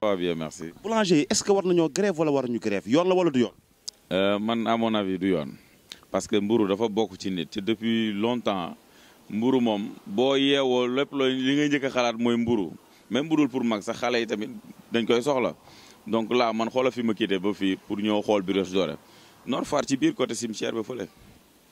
waaw bien merci. boulanger yi est-ce que war nañoo grève wala ñu grève yoon la wala du yoon. Euh, man amoon mon avis du yoon parce que mburu dafa bokk ci nit ci depuis longtemps mburu moom boo yeewoo lépp looy li nga jëkk xalaat mooy mburu même budul pour mag sax xale yi tamit dañ koy soxla donc laa man xoola fi ma quitté ba fii pour ñëw xool Brioche Dorée Nord Foire ci biir côté cimetière ba fële.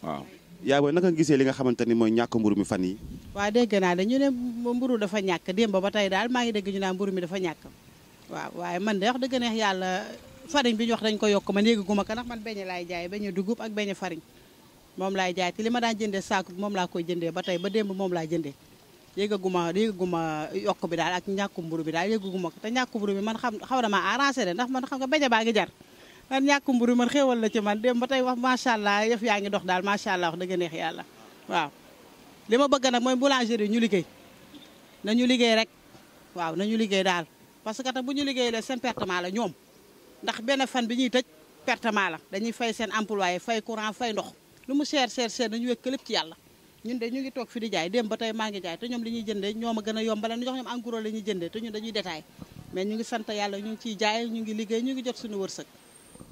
waaw yaa booy naka nga gisee li nga xamante ni mooy ñàkk mburu mi fan yi waaw dégg naa dañu ne mburu dafa ñàkk démb ba tey daal maa ngi dégg ñu naan mburu mi dafa ñàkk waaw waaye man de wax dëgg neex yàlla farine bi ñu wax dañ ko yokk man yéegaguma ko ndax man beñe laay jaay beñe dugub ak beñe farine moom laay jaay te li ma daan jëndee saaku moom laa koy jëndee ba tey ba démb moom laa bi ak mburu bi mburu bi man xam ma arrangé de ndax man xam nga beñe jar man ñàkk mburu man xéewal la ci man dem ba tey wax macha allah yëf yaa ngi dox daal macha allah wax dëgg neex yàlla waaw. li ma bëgg nag mooy boulangerie ñu liggéey na ñu liggéey rek waaw ñu liggéey daal parce que tam bu ñu liggéey la seen pertement la ñoom ndax benn fan bi ñuy tëj pertement la dañuy fay seen employé fay courant fay ndox lu mu cher cher cher nañu wekk lépp ci yàlla. ñun de ñu ngi toog fi dem ba tey maa ngi jaay te ñoom a gën ñu jox ñoom en gros la jëndee te ñun dañuy détail sant yàlla ñu ngi ciy jaay ñu ngi liggéey ñu ngi jot suñu wërsëg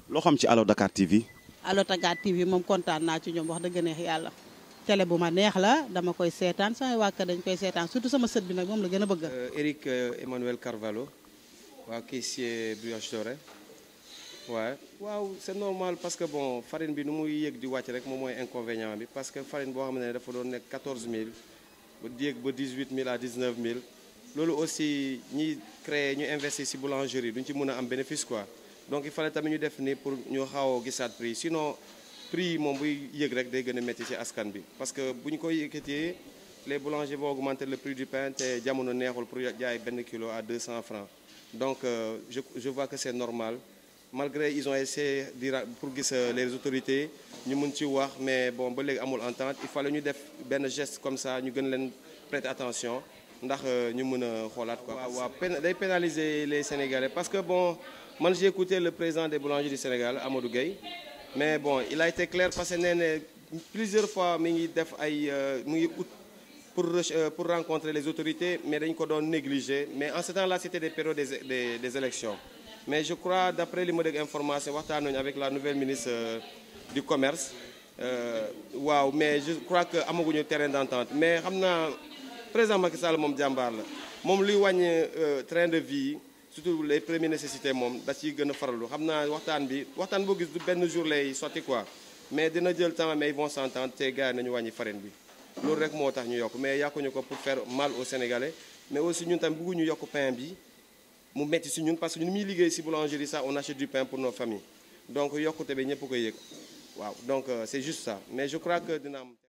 loo xam ci Allo Dakar TV. Allo Dakar TV je suis naa ci ñoom wax dëgg neex yàlla télé bu ma neex la dama koy seetaan samay waa dañ koy surtout sama sët bi nag moom la gën a bëgg. Eric euh, euh, Emmanuel Carvalho waa kii si brioche dorée waaw waaw c'est normal parce que bon farine bi nu muy yéeg di wàcc rek moom inconvénient bi parce que farine boo xam ne dafa doon nekk 14000 000 yéeg ba 18000 à 19000 loolu aussi ñiy créer ñu investir si boulangerie duñ ci mën a am bénéfice quoi donc il fallait que nous def ni pour nous puissions a le prix sinon le prix est moom buy yëg rek day mettre ici ci askan bi parce que si nous les boulangers vont augmenter le prix du pain et jamono vont pour jaay kilo à 200 francs donc euh, je vois que c'est normal malgré ils ont essayé pour que euh, les autorités Nous mun voir, mais bon ba les amul entente il fallait ñu def un geste comme ça nous gën prêter attention Nous euh, ñu nous pénaliser les Sénégalais parce que bon. Moi, j'ai écouté le président des boulangers du Sénégal, Amadou Gueye, mais bon, il a été clair parce que plusieurs fois, euh, pour, euh, pour rencontrer les autorités, mais ils ont négligé. Mais en ce temps-là, c'était des périodes des, élections. Mais je crois, d'après les modèles d'information, avec la nouvelle ministre euh, du Commerce, Waouh mais je crois que un terrain d'entente mais je le président Macky Sall moom la train de vie surtout les premières nécessités moom da ci gëna faralu xamna xam waxtaan bi waxtaan bo gis du ben jour lay soti quoi mais dina jël temps mais ils vont s'entendre te gars nañu wañi farine bi loolu rek moo tax ñu yok mais yàkkuñu ko pour faire mal aux Sénégalais mais aussi ñun tam ñu yok pain bi mu metti ci ñun parce que ñu mi liggéey ci boulangerie ça, on achète du pain pour nos familles donc yokkute bi ñëpp koy yëg waaw donc euh, c'est juste ça mais je crois que dina